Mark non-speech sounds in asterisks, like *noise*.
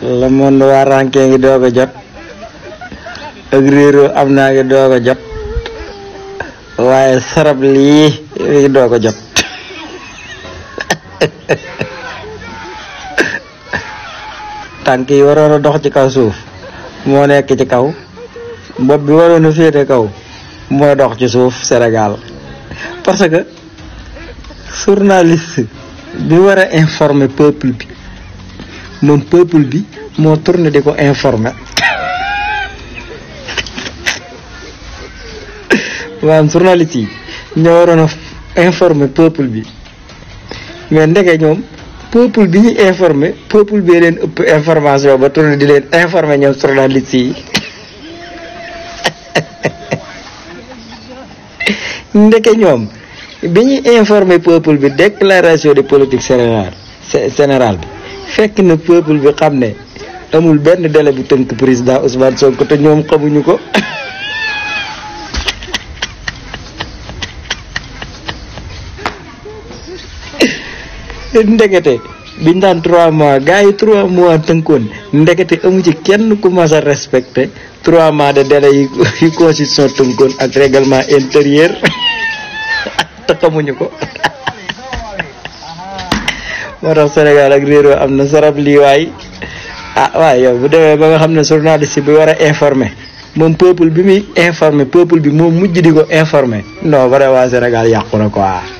la monde waa rànkee ngi doog a jot ak réeroo amna ngi doog jot waye sarab li ngi doog a jot tanki waro waroon dox ci kaw suuf mo nek ci kaw bob bi waro a féete kaw mo dox ci suuf Sénégal parce que journaliste bi war a informer peuple bi moom peuple bi moo tourné di ko informe maanaam journaliste yi ñoo waroon a informer peuple bi mais ndeke ñoom peuple bi ñu informer peuple bee leen ëpp information ba tourné di leen informer ñoom journaliste yi *laughs* ndeke ñoom biñu ñuy informer peuple bi déclaration de politique générale générale bi fekk na peuple bi xamné amul benn délai bu tënk président Ousmane Sonko te ñoom xamuñu ko *laughs* ndegete biñ daan 3 mois gaay 3 mois tënkoon ndegete amu ci kenn ku ma sa respecté 3 mois de délai yi *laughs* yi constitution tënkoon ak règlement intérieur *laughs* te xamuñu ko *laughs* moo tax Sénégal ak réeroo am na sarab liiwaay waay ah waaw yow bu demee ba nga xam ne journaliste bi war a informer moom peuple bi muy informer peuple bi moom mujj di ko informer non vraiment Sénégal yàqu na quoi.